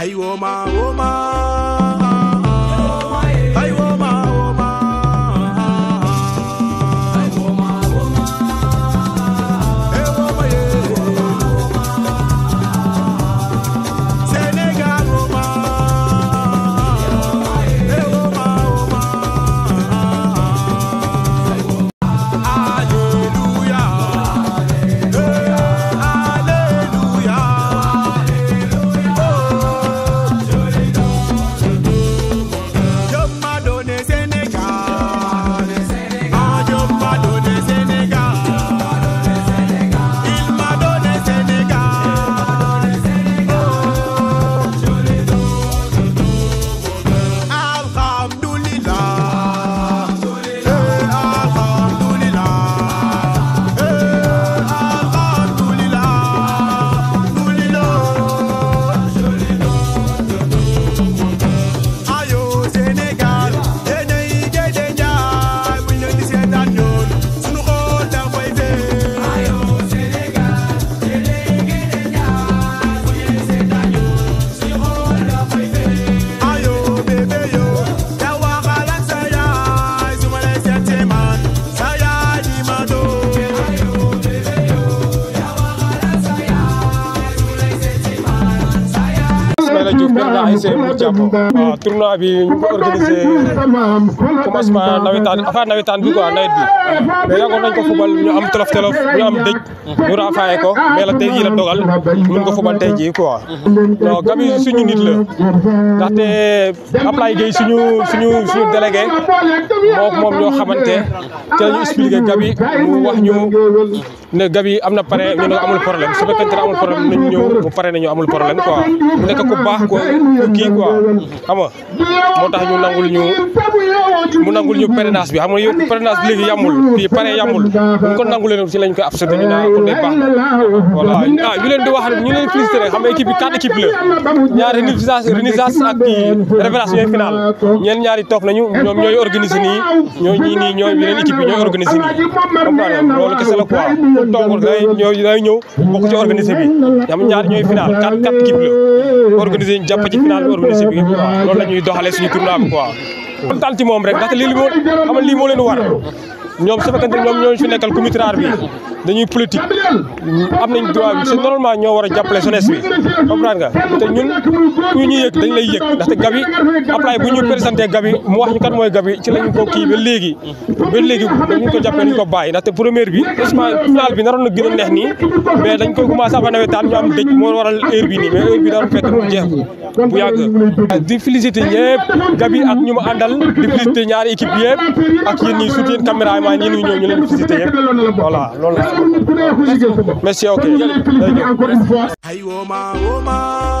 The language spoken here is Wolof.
Hey, woman, woman. Diouf président ASC Mbour Jàppo waaw ah, tournoi bi ñu ko organisé commencement nawetaan affaire nawetaan bi quoi nawet bi mais yàggoon nañ ko fubal ñu am tolof tolof ñu am dëj ñu rafaaye ko mais la tey jii la dogal mun ko fubal tey jii quoi non Gaby suñu nit la ndaxte Ablaye Gueye suñu suñu suñu délégué moo moom ñoo xamante te ñu expliqué wax ñu ne gabi amna paré pare ñu amul problème su fekkente ne amul problème ñu ñu mu pare nañu amul problème quoi mu nekk ku baax ko ki quoi xam nga motax ñu nangul ñu mu nangul ñu parrainage bi xam nga yow parrainage yamul fii pare yamul buñ ko nangul leen si lañ koy absenté ñu na ko day baax voilà ah ñu leen di wax ñu leen frustré xam nga équipe bi quatre équipe la ñaar renisage renaissance ak révélation ñooy final ñeen ñaari top nañu ñom ñoy organiser ni ñoy ñi nii ñooy leen équipe ñoy organiser ni comprendre la quoi ku toogul day ñëw day ñëw bokk ci organisé bi am ñaar ñooy final quatre quatre équipe la organisé ñu jàpp ci final bi organisé loolu la doxalee suñu tournoi bi quoi kontaan ci moom rek ndaxte lii li moo war ñoom su fekkente ñoom ñoo fi nekkal comité RAR bi dañuy politique am nañ droit bi c'est ñoo war a jàppale jeunesse bi comprendre nga te ñun ku ñu yëg dañ lay yëg ndaxte Gaby Ablaye bu ñu présenté Gaby mu wax ñu kat mooy Gaby ci lañu ko kii ba léegi ba léegi dañu ko jàppee ñu ko bàyyi ndaxte première bi justement final bi a neex nii mais dañ koy commencé avant nawetaan ñu am dëj moo waral heure bi nii mais heure bi daroon fekk jeex bu yàgg di waaye ñun ñu ñëw ñu leen visité yëpp voilà loolu la merci ok jërëjëf